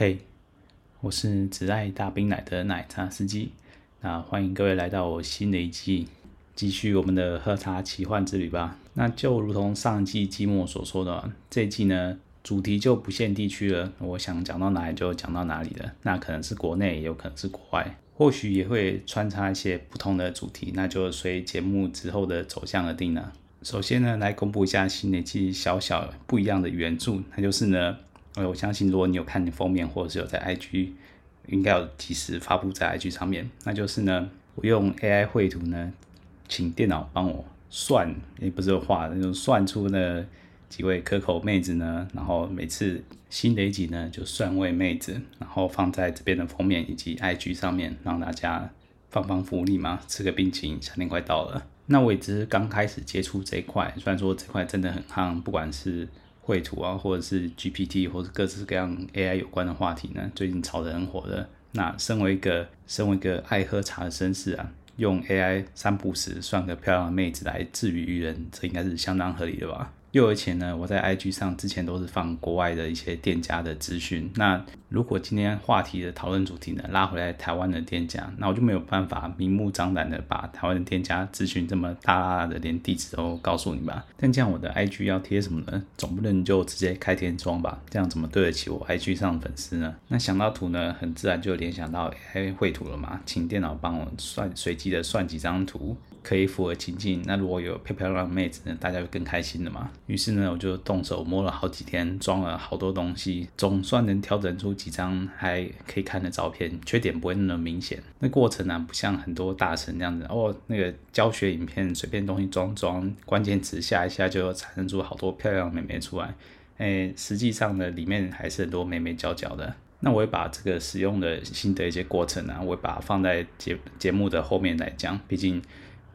嘿，hey, 我是只愛大冰奶的奶茶司機，那歡迎各位來到我新的一季，繼續我們的喝茶奇幻之旅吧。那就如同上一季季末所說的，這一季呢主題就不限地區了，我想講到哪裡就講到哪裡了，那可能是國內，也有可能是國外，或許也會穿插一些不同的主題，那就隨節目之後的走向而定了啊。首先呢，來公布一下新的一季小小不一樣的元素，那就是呢。我相信，如果你有看你封面，或者是有在 IG，應該有及時發布在 IG 上面。那就是呢，我用 AI 繪圖呢，請電腦幫我算，也、欸、不是畫，那算出呢幾位可口妹子呢。然後每次新的一集呢，就算位妹子，然後放在這邊的封面以及 IG 上面，讓大家放放福利嘛，吃個冰淇淋。夏天快到了，那我也只是剛開始接觸這一塊，雖然說這塊真的很夯，不管是，繪圖啊，或者是 GPT，或者各式各樣 AI 有關的話題呢，最近炒得很火的。那身為一個身為一個愛喝茶的紳士啊，用 AI 三不五時算個漂亮的妹子來自娛娛人，這應該是相當合理的吧。又而且呢，我在 IG 上之前都是放國外的一些店家的資訊。那如果今天話題的討論主題呢，拉回來台灣的店家，那我就沒有辦法明目張膽的把台灣的店家資訊這麼大喇喇的連地址都告訴你吧。但這樣我的 IG 要貼什麼呢？總不能就直接開天窗吧？這樣怎麼對得起我 IG 上的粉絲呢？那想到圖呢，很自然就聯想到哎，繪圖了嘛，請電腦幫我算隨機的算幾張圖，可以符合情境。那如果有漂漂亮妹子呢，大家會更開心的嘛。於是呢，我就動手摸了好幾天，裝了好多東西，總算能調整出。幾張還可以看的照片，缺點不會那麼明顯。那過程呢、啊，不像很多大神這樣子哦，那個教學影片隨便東西裝裝，關鍵詞下一下就產生出好多漂亮美眉出來。哎、欸，實際上呢，裡面還是很多美眉嬌嬌的。那我也把這個使用的新的一些過程呢、啊，我會把它放在節節目的後面來講，畢竟。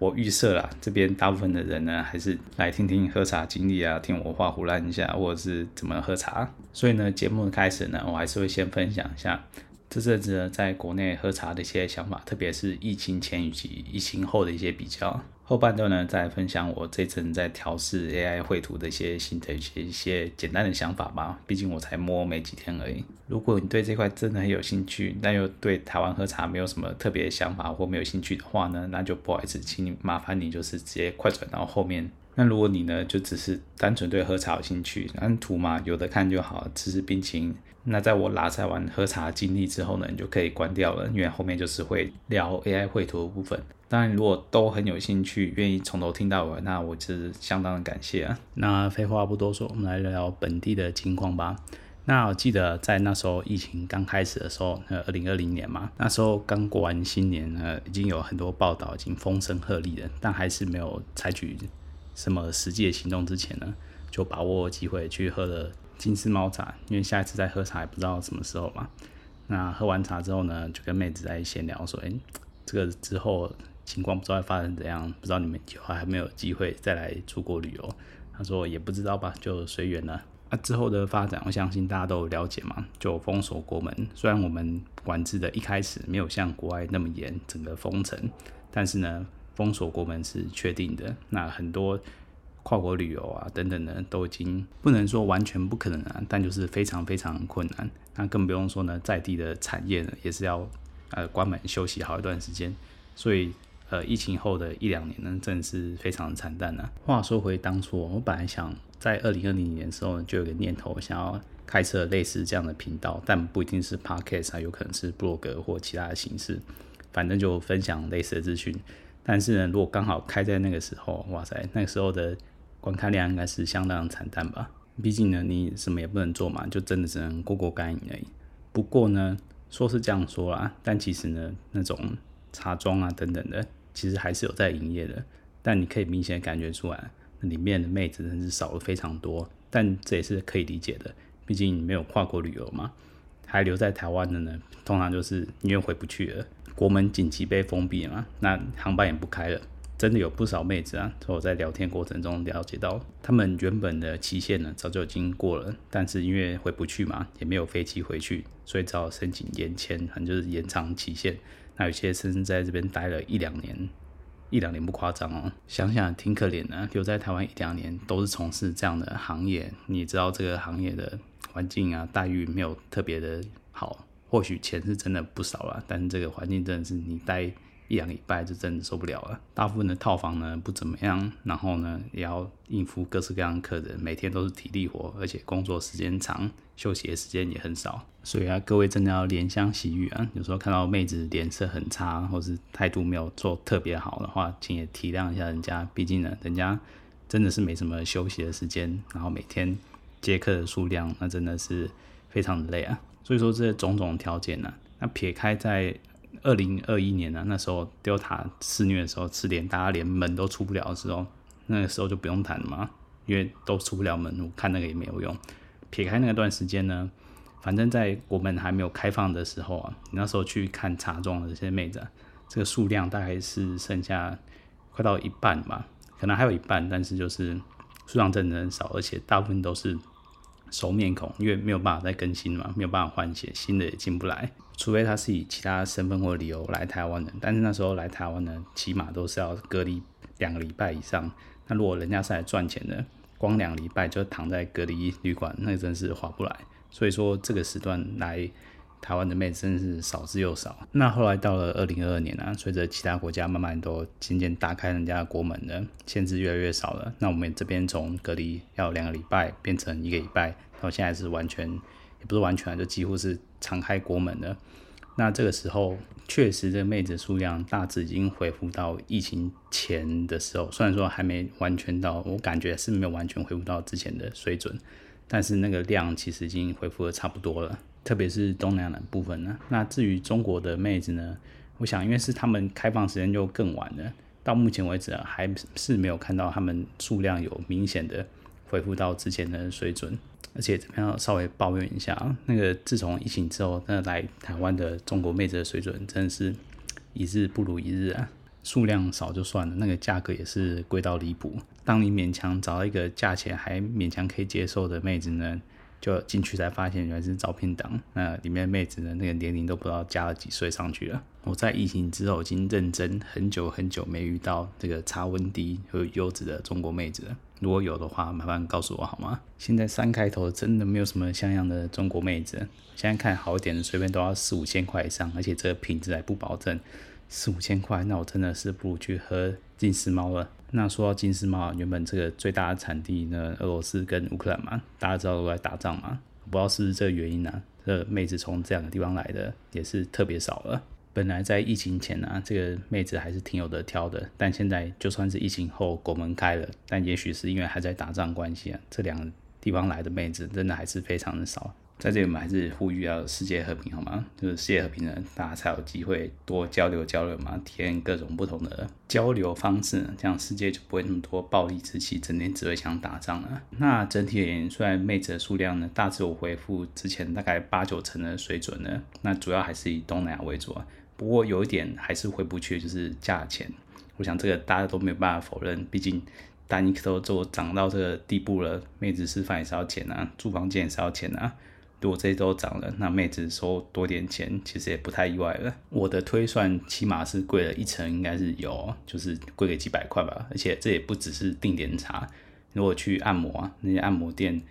我預設了，這邊大部分的人呢，還是來聽聽喝茶經歷啊，聽我畫虎爛一下，或者是怎麼喝茶。所以呢，節目開始呢，我還是會先分享一下這陣子呢，在國內喝茶的一些想法，特別是疫情前以及疫情後的一些比較。後半段呢，再分享我這次在調試 AI 繪圖的一些心得、一些簡單的想法吧。畢竟我才摸沒幾天而已。如果你對這塊真的很有興趣，但又對台灣喝茶沒有什麼特別的想法或沒有興趣的話呢，那就不好意思，請你麻煩你就是直接快轉到後面。那如果你呢，就只是單純對喝茶有興趣，按圖嘛，有的看就好，只是冰情。那在我拉塞完喝茶經歷之後呢，你就可以關掉了，因為後面就是會聊 AI 繪圖的部分。當然如果都很有興趣，願意從頭聽到尾，那我是相當的感謝啊！那廢話不多說，我們來聊聊本地的情況吧。那我記得在那時候疫情剛開始的時候，呃，二零二零年嘛，那時候剛過完新年呢，已經有很多報道，已經風聲鶴唳了，但還是沒有採取什麼實際的行動。之前呢，就把握機會去喝了金絲貓茶，因為下一次再喝茶也不知道什麼時候嘛。那喝完茶之後呢，就跟妹子在閒聊說：“欸，這個之後。”情況不知道會發生怎樣，不知道你們以後還沒有機會再來出國旅遊。他說也不知道吧，就隨緣了。啊，之後的發展我相信大家都了解嘛，就封鎖國門。雖然我們管制的一開始沒有像國外那麼嚴，整個封城，但是呢，封鎖國門是確定的。那很多跨國旅遊啊等等呢，都已經不能說完全不可能啊，但就是非常非常困難。那更不用說呢，在地的產業呢，也是要呃關門休息好一段時間。所以。呃，疫情後的一兩年呢，真的是非常慘淡啊。話說回當初，我本來想在二零二零年的時候就有個念頭，想要開設類似這樣的頻道，但不一定是 podcast 啊，有可能是 blog 或其他的形式，反正就分享類似的資訊。但是呢，如果剛好開在那個時候，哇塞，那個時候的觀看量應該是相當慘淡吧。畢竟呢，你什麼也不能做嘛，就真的只能過過乾癮而已。不過呢，說是這樣說啦，但其實呢，那種茶莊啊等等的。其實還是有在營業的，但你可以明顯感覺出來，那裡面的妹子真是少了非常多。但這也是可以理解的，畢竟沒有跨國旅遊嘛。還留在台灣的呢，通常就是因為回不去了，國門緊急被封閉了嘛，那航班也不開了。真的有不少妹子啊，從我在聊天過程中了解到，他們原本的期限呢，早就已經過了，但是因為回不去嘛，也沒有飛機回去，所以只好申請延簽，反正就是延長期限。那有些甚至在這邊待了一兩年，一兩年不誇張哦。想想挺可憐的，留在台灣一兩年都是從事這樣的行業。你知道這個行業的環境啊，待遇沒有特別的好。或許錢是真的不少了，但是這個環境真的是你待一兩禮拜就真的受不了了。大部分的套房呢，不怎麼樣，然後呢也要應付各式各樣的客人，每天都是體力活，而且工作時間長，休息的時間也很少，所以啊，各位真的要憐香惜玉啊！有時候看到妹子臉色很差，或者是態度沒有做特別好的話，請也體諒一下人家，畢竟呢，人家真的是沒什麼休息的時間，然後每天接客的數量，那真的是非常的累啊！所以說，這種種條件呢、啊，那撇開在二零二一年呢、啊，那時候 Delta 肆虐的時候，吃點大家連門都出不了的時候，那個時候就不用談嘛，因為都出不了門，我看那個也沒有用。撇開那段時間呢，反正在國門還沒有開放的時候啊，你那時候去看茶莊的這些妹子啊，這個數量大概是剩下快到一半吧，可能還有一半，但是就是數量真的很少，而且大部分都是熟面孔，因為沒有辦法再更新嘛，沒有辦法換血，新的也進不來，除非他是以其他身份或理由來台灣的。但是那時候來台灣呢，起碼都是要隔離兩個禮拜以上。那如果人家是來賺錢的？光兩個禮拜就躺在隔離旅館，那個、真是划不來。所以說，這個時段來台灣的妹子真的是少之又少。那後來到了二零二二年、啊、隨着其他國家慢慢都漸漸打開人家的國門了，限制越來越少了，那我們這邊從隔離要兩個禮拜變成一個禮拜，到現在是完全，也不是完全了，就幾乎是敞開國門的。那這個時候，確實，這個妹子數量大致已經恢復到疫情前的時候。雖然說還沒完全到，我感覺是沒有完全恢復到之前的水準，但是那個量其實已經恢復的差不多了。特別是東南亞部分呢。那至於中國的妹子呢，我想，因為是他們開放時間就更晚了，到目前為止啊，還是沒有看到他們數量有明顯的。恢復到之前的水準，而且這邊要稍微抱怨一下啊，那個自從疫情之後，那來台灣的中國妹子的水準真的是一日不如一日啊！數量少就算了，那個價格也是貴到離譜。當你勉強找一個價錢還勉強可以接受的妹子呢，就進去才發現原來是照片檔，那裡面的妹子呢，那個年齡都不知道加了幾歲上去了。我在疫情之後已經認真很久很久沒遇到這個茶溫低和優質的中國妹子了。如果有的話，麻煩告訴我好嗎？現在三開頭真的沒有什麼像樣的中國妹子。現在看好一點的，隨便都要四五千塊以上，而且這個品質還不保證。四五千塊，那我真的是不如去喝金絲貓了。那說到金絲貓，原本這個最大的產地呢，俄羅斯跟烏克蘭嘛，大家知道都在打仗嘛，我不知道是不是這個原因呢，啊？這個妹子從這兩個地方來的也是特別少了。本來在疫情前呢、啊，這個妹子還是挺有得挑的。但現在就算是疫情後國門開了，但也許是因為還在打仗關係啊，這兩個地方來的妹子真的還是非常的少。在這裡我們還是呼籲要世界和平，好嗎？就是世界和平呢，大家才有機會多交流交流嘛，體驗各種不同的交流方式呢，這樣世界就不會那麼多暴力之氣，整天只會想打仗了、啊。那整體而言，雖然妹子的數量呢，大致有恢復之前大概八九成的水準了。那主要還是以東南亞為主、啊。不過有一點還是回不去，就是價錢。我想這個大家都沒有辦法否認，畢竟單一都做漲到這個地步了，妹子吃飯也是要錢啊，住房間也是要錢啊。如果這些都漲了，那妹子收多點錢其實也不太意外了。我的推算起碼是貴了一成，應該是有，就是貴個幾百塊吧。而且這也不只是定點茶，如果去按摩啊，那些按摩店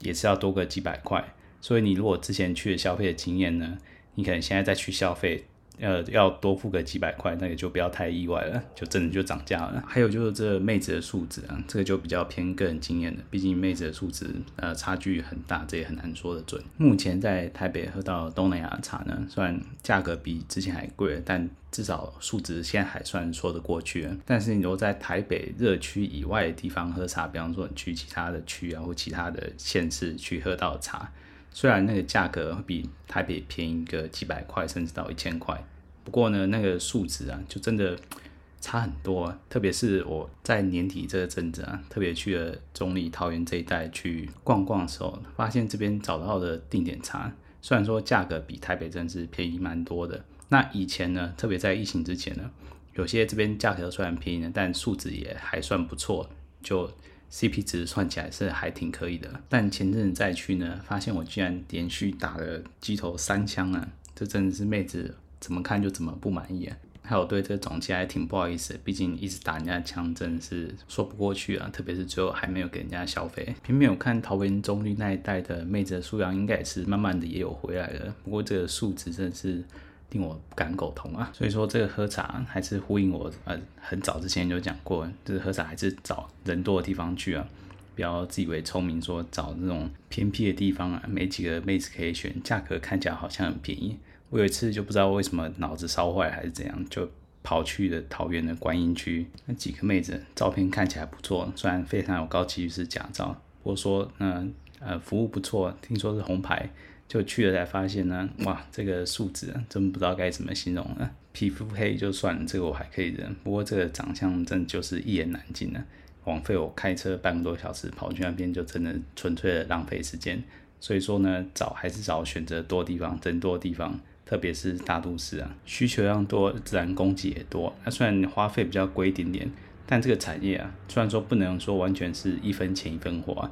也是要多個幾百塊。所以你如果之前去消費的經驗呢，你可能現在再去消費，呃，要多付個幾百塊，那也就不要太意外了，就真的就漲價了。還有就是這妹子的素質啊，這個就比較偏個人經驗了。畢竟妹子的素質，呃，差距很大，這也很難說得準。目前在台北喝到的東南亞茶呢，雖然價格比之前還貴，但至少素質現在還算說得過去了。但是你如果在台北熱區以外的地方喝茶，比方說你去其他的區啊，或其他的縣市去喝到茶。雖然那個價格比台北便宜個幾百塊，甚至到一千塊，不過呢，那個數值啊，就真的差很多啊。特別是我在年底這個陣子啊，特別去了中壢桃園這一帶去逛逛的時候，發現這邊找到的定點茶，雖然說價格比台北真是便宜蠻多的，那以前呢，特別在疫情之前呢，有些這邊價格雖然便宜，但數值也還算不錯，就。CP 值算起來是還挺可以的，但前陣子再去呢，發現我居然連續打了機頭三槍啊！這真的是妹子怎麼看就怎麼不滿意啊！還有對這個總機還挺不好意思，畢竟一直打人家槍真的是說不過去啊！特別是最後還沒有給人家消費，偏偏有看桃園中壢那一帶的妹子的素養，應該也是慢慢的也有回來了。不過這個素質真的是。令我不敢苟同啊，所以說這個喝茶還是呼應我呃很早之前就講過，就是喝茶還是找人多的地方去啊，不要自以為聰明說找那種偏僻的地方啊，沒幾個妹子可以選，價格看起來好像很便宜。我有一次就不知道為什麼腦子燒壞還是怎樣，就跑去了桃園的觀音區，那幾個妹子照片看起來不錯，雖然非常有高級是假照，不過說那呃服務不錯，聽說是紅牌。就去了才發現呢，哇，這個素質啊，真不知道該怎麼形容了、啊。皮膚黑就算，這個我還可以忍。不過這個長相真就是一言難盡了、啊，枉費我開車半個多小時跑去那邊，就真的純粹的浪費時間。所以說呢，找還是找選擇多的地方，人多的地方，特別是大都市啊，需求量多，自然供給也多。那、啊、雖然花費比較貴一點點，但這個產業啊，雖然說不能說完全是一分錢一分貨啊。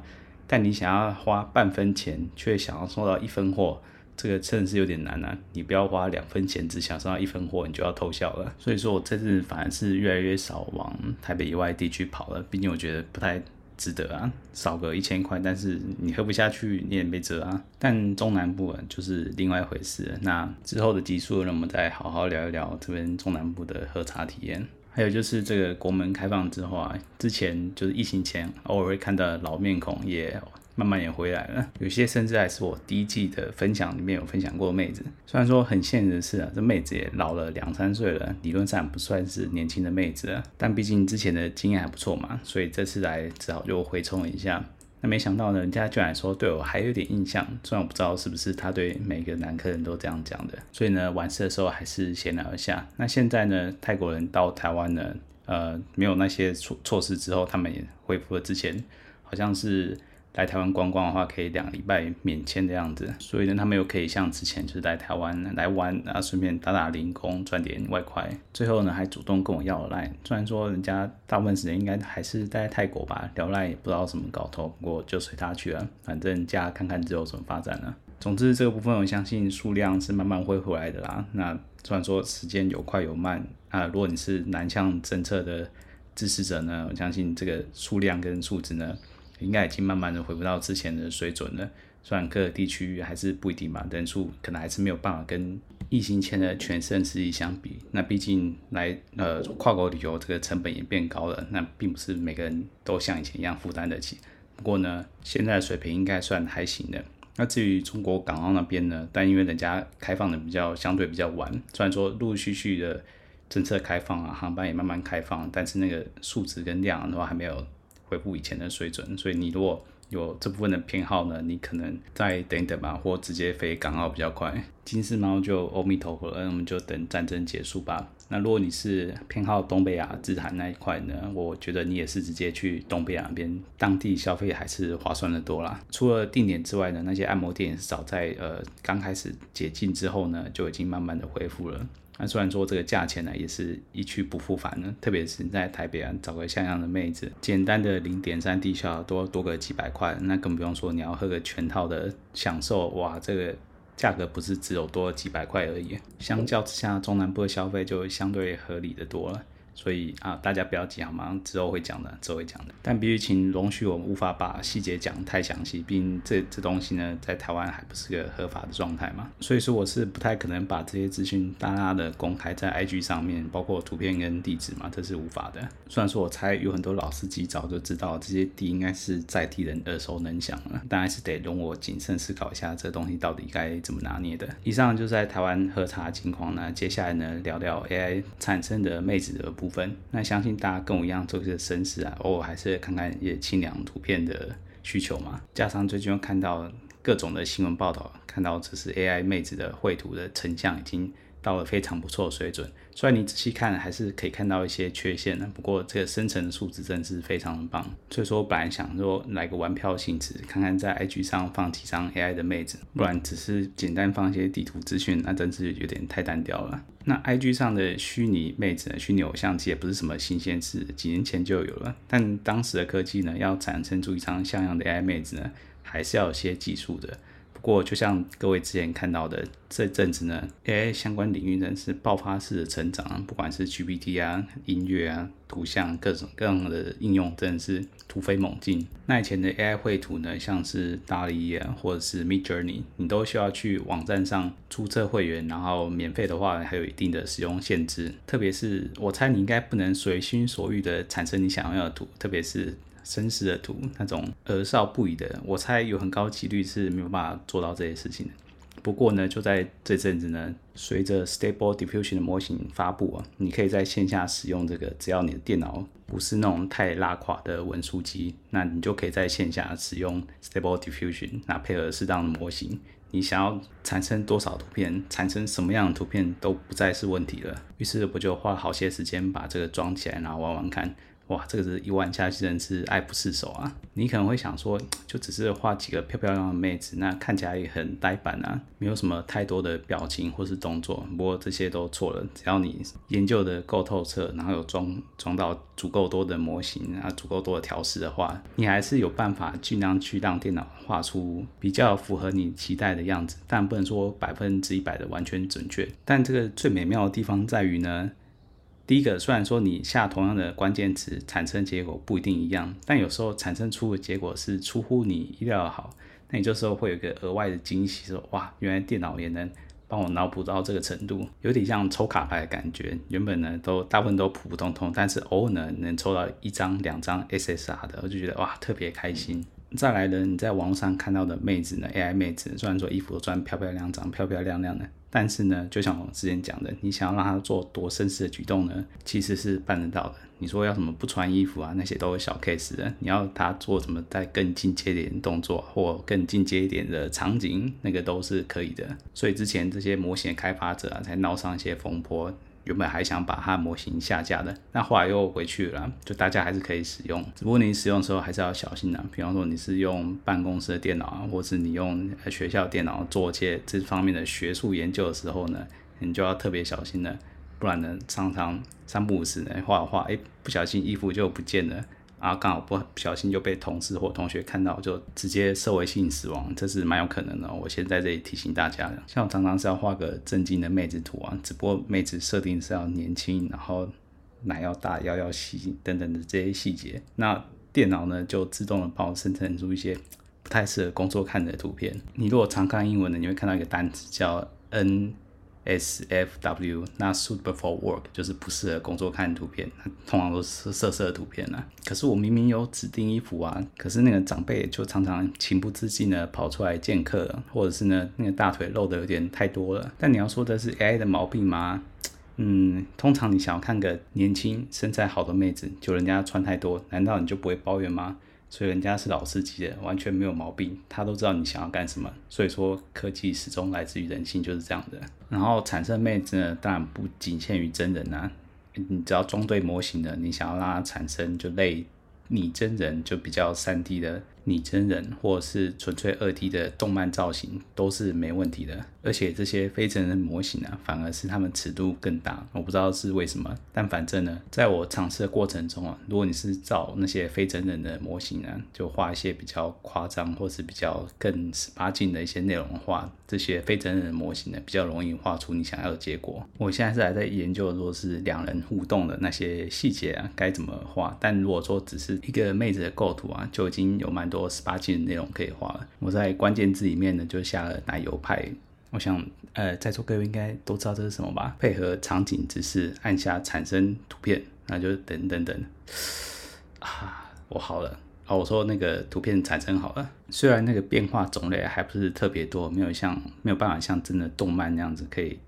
但你想要花半分錢，卻想要收到一分貨，這個真是有點難啊！你不要花兩分錢，只想收到一分貨，你就要偷笑了。所以說我這次反而是越來越少往台北以外地區跑了，畢竟我覺得不太值得啊。少個一千塊，但是你喝不下去，你也沒轍啊。但中南部就是另外一回事了。那之後的集數呢，我們再好好聊一聊這邊中南部的喝茶體驗。還有就是這個國門開放之後啊，之前就是疫情前，偶爾會看到老面孔也，也慢慢也回來了。有些甚至還是我第一季的分享裡面有分享過的妹子，雖然說很現實的事啊，這妹子也老了兩三歲了，理論上不算是年輕的妹子了，但畢竟之前的經驗還不錯嘛，所以這次來只好就回沖一下。那沒想到呢，人家居然說對我還有點印象，雖然我不知道是不是他對每個男客人都這樣講的。所以呢，晚上的時候還是閒聊一下。那現在呢，泰國人到台灣呢，呃，沒有那些措措施之後，他們也恢復了之前，好像是。來台灣觀光的話，可以兩禮拜免簽的樣子，所以呢，他們又可以像之前就是來台灣來玩啊，順便打打零工賺點外快，最後呢還主動跟我要賴。雖然說人家大部分時間應該還是待在泰國吧，聊賴也不知道什麼搞頭，不過就隨他去了，反正人家看看之後怎麼發展了啊。總之這個部分我相信數量是慢慢會回來的啦。那雖然說時間有快有慢啊，如果你是南向政策的支持者呢，我相信這個數量跟數值呢，應該已經慢慢的回不到之前的水準了，雖然各個地區還是不一定吧，人數可能還是沒有辦法跟疫情前的全盛時期相比。那畢竟來呃跨國旅遊這個成本也變高了，那並不是每個人都像以前一樣負擔得起。不過呢，現在的水平應該算還行的。那至於中國港澳那邊呢，但因為人家開放的比較相對比較晚，雖然說陸陸續續的政策開放啊，航班也慢慢開放，但是那個數值跟量的話還沒有。恢復以前的水準，所以你如果有這部分的偏好呢，你可能再等一等吧，或直接飛港澳比較快。金絲貓就阿彌陀佛，那我們就等戰爭結束吧。那如果你是偏好東北亞、日韓那一塊呢，我覺得你也是直接去東北亞那邊當地消費還是划算得多啦。除了定點之外呢，那些按摩店也是早在呃剛開始解禁之後呢，就已經慢慢的恢復了。那雖然說這個價錢呢，也是一去不復返了。特別是你在台北啊，找個像樣的妹子，簡單的零點三低消都要多個幾百塊，那更不用說你要喝個全套的享受，哇，這個價格不是只有多幾百塊而已。相較之下，中南部的消費就相對合理的多了。所以啊，大家不要急好嗎？之後會講的，之後會講的。但必須請容許我們無法把細節講太詳細，畢竟這這東西呢，在台灣還不是個合法的狀態嘛。所以說我是不太可能把這些資訊大大的公開在 IG 上面，包括圖片跟地址嘛，這是無法的。雖然說我猜有很多老司機早就知道這些地，應該是在地人耳熟能詳了，但還是得容我謹慎思考一下，這東西到底該怎麼拿捏的。以上就是在台灣喝茶情況，那接下來呢，聊聊 AI 產生的妹子的部分那相信大家跟我一樣做些、這個、紳士啊，偶爾還是看看一些清涼圖片的需求嘛。加上最近又看到各種的新聞報道，看到只是 AI 妹子的繪圖的成像已經。到了非常不錯的水準，雖然你仔細看還是可以看到一些缺陷的，不過這個生成的數值真的是非常棒。所以說，我本來想說來個玩票性質，看看在 IG 上放幾張 AI 的妹子，不然只是簡單放一些地圖資訊，那真是有點太單調了。那 IG 上的虛擬妹子呢、虛擬偶像其實也不是什麼新鮮事，幾年前就有了，但當時的科技呢，要產生出一張像樣的 AI 妹子呢，還是要有些技術的。不過，就像各位之前看到的，這陣子呢，AI 相關領域真的是爆發式的成長，不管是 GPT 啊、音樂啊、圖像各種各樣的應用，嗯、真的是突飛猛進。那以前的 AI 繪圖呢，像是 l 利啊，或者是 Midjourney，你都需要去網站上注冊會員，然後免費的話還有一定的使用限制，特別是我猜你應該不能隨心所欲的產生你想要的圖，特別是。真實的圖，那種而少不已的，我猜有很高幾率是沒有辦法做到這些事情的。不過呢，就在這陣子呢，隨着 Stable Diffusion 的模型發布啊，你可以在線下使用這個，只要你的電腦不是那種太拉垮的文書機，那你就可以在線下使用 Stable Diffusion，那配合適當的模型，你想要產生多少圖片，產生什麼樣的圖片都不再是問題了。於是我就花好些時間把這個裝起來，然後玩玩看。哇，這個是一玩下去真是愛不釋手啊。你可能會想說，就只是畫幾個漂漂亮的妹子，那看起來也很呆板啊，沒有什麼太多的表情或是動作。不過這些都錯了，只要你研究的夠透徹，然後有裝裝到足夠多的模型，啊，足夠多的調試的話，你還是有辦法儘量去讓電腦畫出比較符合你期待的樣子，但不能說百分之一百的完全準確。但這個最美妙的地方在於呢，第一個，雖然說你下同樣的關鍵詞，產生結果不一定一樣，但有時候產生出的結果是出乎你意料的好，那你就說會有一個額外的驚喜，說哇，原來電腦也能幫我腦補到這個程度，有點像抽卡牌的感覺。原本呢，都大部分都普普通通，但是偶爾呢，能抽到一張、兩張 SSR 的，我就覺得哇，特別開心。嗯、再來呢，你在網上看到的妹子呢，AI 妹子，雖然說衣服都穿漂漂亮亮，漂漂亮亮的。但是呢，就像我們之前講的，你想要讓他做多紳士的舉動呢，其實是辦得到的。你說要什麼不穿衣服啊，那些都是小 case 的。你要他做什麼再更進階一點的動作，或更進階一點的場景，那個都是可以的。所以之前這些模型的開發者啊，才鬧上一些風波。原本還想把它模型下架的，那後來又回去了啦，就大家還是可以使用，只不過你使用的時候還是要小心的、啊。比方說你是用辦公室的電腦啊，或是你用學校電腦做一些這方面的學術研究的時候呢，你就要特別小心了，不然呢，常常三不五時呢畫畫，哎、欸，不小心衣服就不見了。啊，然後剛好不小心就被同事或同學看到，就直接社會性死亡，這是蠻有可能的哦。我先在這裡提醒大家的。像我常常是要畫個正經的妹子圖啊，只不過妹子設定是要年輕，然後奶要大，腰要要細等等的這些細節。那電腦呢，就自動的幫我生成出一些不太適合工作看的圖片。你如果常看英文的，你會看到一個單詞叫 “n”。SFW，那 suitable for work 就是不適合工作看的圖片，通常都是色色的圖片啦、啊。可是我明明有指定衣服啊，可是那個長輩就常常情不自禁的跑出來見客了，或者是呢那個大腿露的有點太多了。但你要說的是 AI 的毛病嗎？嗯，通常你想要看個年輕身材好的妹子，就人家穿太多，難道你就不會抱怨嗎？所以人家是老司機的，完全沒有毛病，他都知道你想要幹什麼。所以說，科技始終來自於人性，就是這樣的。然後產生妹子呢，當然不僅限於真人吶、啊，你只要裝對模型的，你想要讓它產生就類擬真人，就比較 3D 的擬真人，或者是純粹 2D 的動漫造型，都是沒問題的。而且這些非真人模型啊，反而是他們尺度更大，我不知道是為什麼。但反正呢，在我嘗試的過程中啊，如果你是照那些非真人的模型啊，就畫一些比較誇張或是比較更十八禁的一些內容的話，這些非真人的模型呢，比較容易畫出你想要的結果。我現在是還在研究，說是兩人互動的那些細節啊，該怎麼畫。但如果說只是一個妹子的構圖啊，就已經有蠻多十八禁的內容可以畫了。我在關鍵字裡面呢，就下了奶油派。我想，呃，在座各位應該都知道這是什麼吧？配合場景只是按下產生圖片，那就等等等，啊，我好了。啊、哦，我說那個圖片產生好了，雖然那個變化種類還不是特別多，沒有像沒有辦法像真的動漫那樣子可以。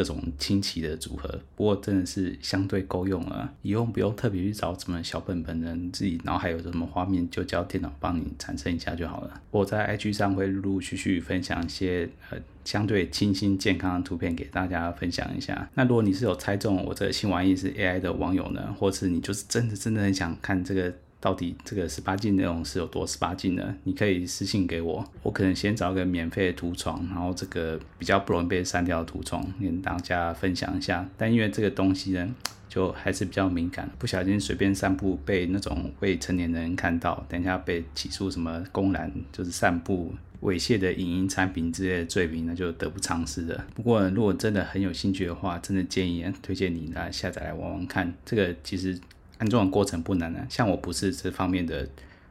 這種清奇的組合，不過真的是相對夠用了，以後不用特別去找什麼小本本呢，自己腦海有什麼畫面，就叫電腦幫你產生一下就好了。我在 IG 上會陸陸續續分享一些，呃，相對清新健康的圖片給大家分享一下。那如果你是有猜中我這新玩意是 AI 的網友呢，或是你就是真的真的很想看這個。到底這個十八禁內容是有多十八禁呢？你可以私信給我，我可能先找個免費的圖床，然後這個比較不容易被刪掉的圖床跟大家分享一下。但因為這個東西呢，就還是比較敏感，不小心隨便散布被那種未成年人看到，等一下被起訴什麼公然就是散布猥褻的影音產品之類的罪名，那就得不償失了。不過如果真的很有興趣的話，真的建議推薦你來下載來玩玩看，這個其實。安裝的過程不難啊，像我不是這方面的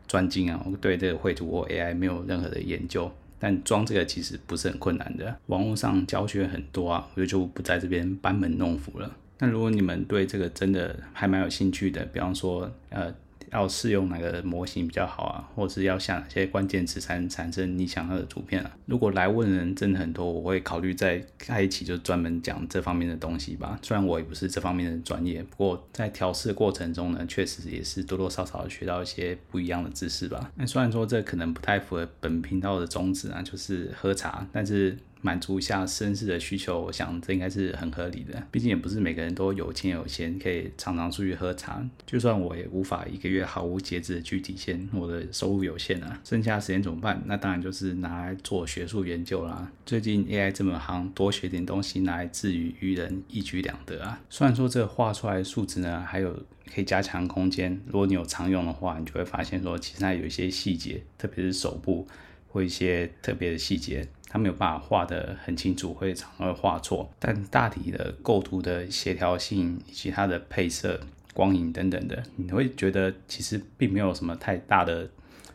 專精啊，我對這個繪圖或 AI 沒有任何的研究，但裝這個其實不是很困難的，網絡上教學很多啊，我就就不在這邊班門弄斧了。那如果你們對這個真的還蠻有興趣的，比方說，呃。要適用哪個模型比較好啊？或者是要下哪些關鍵詞才能產生你想要的圖片啊？如果來問的人真的很多，我會考慮再開一期就專門講這方面的東西吧。雖然我也不是這方面的專業，不過在調試的過程中呢，確實也是多多少少學到一些不一樣的知識吧。那雖然說這可能不太符合本頻道的宗旨啊，就是喝茶，但是。滿足一下紳士的需求，我想這應該是很合理的。畢竟也不是每個人都有錢有閒可以常常出去喝茶。就算我也無法一個月毫無節制的去體現，我的收入有限啊，剩下的時間怎麼辦？那當然就是拿來做學術研究啦。最近 AI 這麼行，多學點東西來自娛娛人，一舉兩得啊。雖然說這畫出來的素質呢，還有可以加強空間。如果你有常用的話，你就會發現說，其實它有一些細節，特別是手部或一些特別的細節。他沒有辦法畫得很清楚，會常會畫錯，但大體的構圖的協調性以及它的配色、光影等等的，你會覺得其實並沒有什麼太大的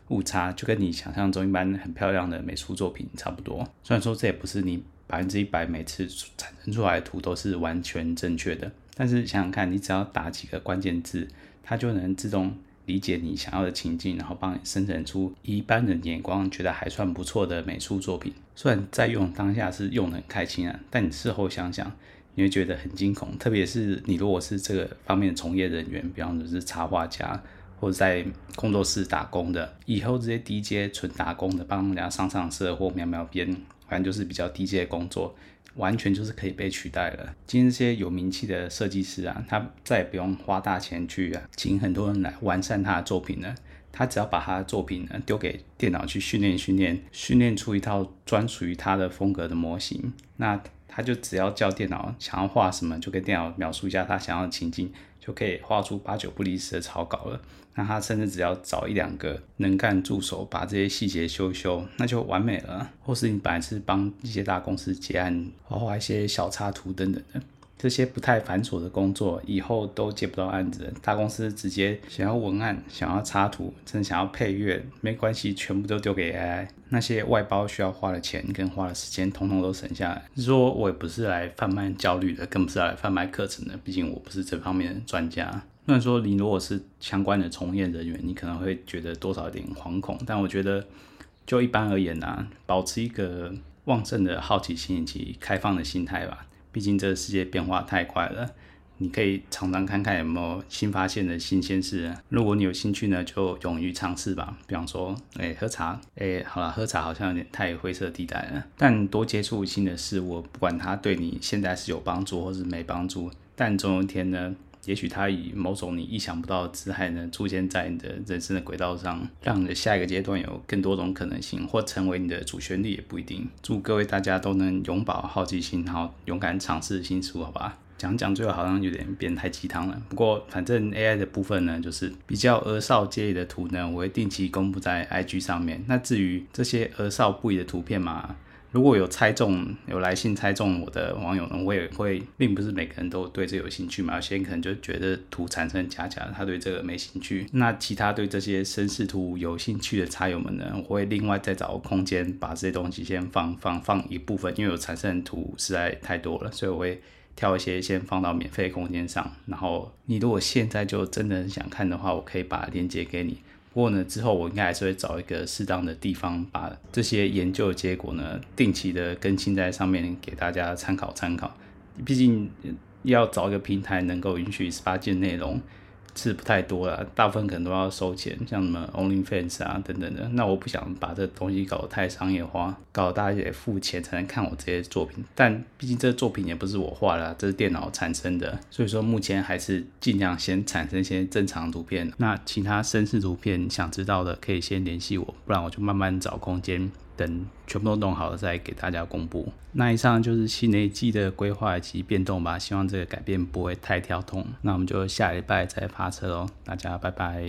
誤差，就跟你想象中一般很漂亮的美術作品差不多。雖然說這也不是你百分之一百每次產生出來的圖都是完全正確的，但是想想看，你只要打幾個關鍵字，它就能自動理解你想要的情境，然後幫你生成出一般人眼光覺得還算不錯的美術作品。雖然在用當下是用得很開心啊，但你事後想想，你會覺得很驚恐。特別是你如果是這個方面的從業人員，比方說是插畫家，或者在工作室打工的，以後這些低階純打工的，幫人家上上色或描描邊，反正就是比較低階的工作，完全就是可以被取代了。今天這些有名氣的設計師啊，他再也不用花大錢去、啊、請很多人來完善他的作品了。他只要把他的作品呢丟給電腦去訓練訓練，訓練出一套專屬於他的風格的模型，那他就只要叫電腦想要畫什麼，就給電腦描述一下他想要的情境，就可以畫出八九不離十的草稿了。那他甚至只要找一兩個能幹助手，把這些細節修一修，那就完美了。或是你本來是幫一些大公司接案，畫、哦、一些小插圖等等的，這些不太繁瑣的工作，以後都接不到案子。大公司直接想要文案、想要插圖、真想要配樂，沒關係，全部都丟給 AI。那些外包需要花的錢跟花的時間，統統都省下來。說我也不是來販賣焦慮的，更不是來販賣課程的，畢竟我不是這方面的專家。雖然說你如果是相關的從業人員，你可能會覺得多少有點惶恐，但我覺得就一般而言呢、啊，保持一個旺盛的好奇心以及開放的心態吧。畢竟這個世界變化太快了，你可以常常看看有沒有新發現的新鮮事、啊。如果你有興趣呢，就勇於嘗試吧。比方說，哎、欸，喝茶，哎、欸，好啦，喝茶好像有點太灰色地帶了。但多接觸新的事物，不管它對你現在是有幫助或是沒幫助，但總有一天呢。也許它以某種你意想不到的姿態呢，出現在你的人生的軌道上，讓你的下一個階段有更多種可能性，或成為你的主旋律也不一定。祝各位大家都能永葆好奇心，然後勇敢嘗試新事物，好吧？講講最後好像有點變態雞湯了，不過反正 AI 的部分呢，就是比較兒少皆宜的圖呢，我會定期公布在 IG 上面。那至於這些兒少不宜的圖片嘛。如果有猜中有來信猜中我的網友呢，我也會，並不是每個人都對這有興趣嘛。有些人可能就覺得圖產生假假，他對這個沒興趣。那其他對這些紳士圖有興趣的茶友們呢，我會另外再找個空間把這些東西先放放放一部分，因為有產生的圖實在太多了，所以我會挑一些先放到免費空間上。然後你如果現在就真的很想看的話，我可以把鏈接給你。不過呢，之後我應該還是會找一個適當的地方，把這些研究的結果呢，定期的更新在上面，給大家參考參考。畢竟要找一個平台能夠允許十八禁內容，是不太多了啊，大部分可能都要收錢，像什麼 OnlyFans 啊等等的。那我不想把這東西搞得太商業化，搞得大家得付錢才能看我這些作品。但畢竟這作品也不是我畫的啊，這是電腦產生的，所以說目前還是盡量先產生一些正常圖片。那其他紳士圖片想知道的可以先聯繫我，不然我就慢慢找空間。等全部都弄好了再給大家公布。那以上就是新的一季的規劃以及變動吧，希望這個改變不會太跳動。那我們就下禮拜再發車哦，大家拜拜。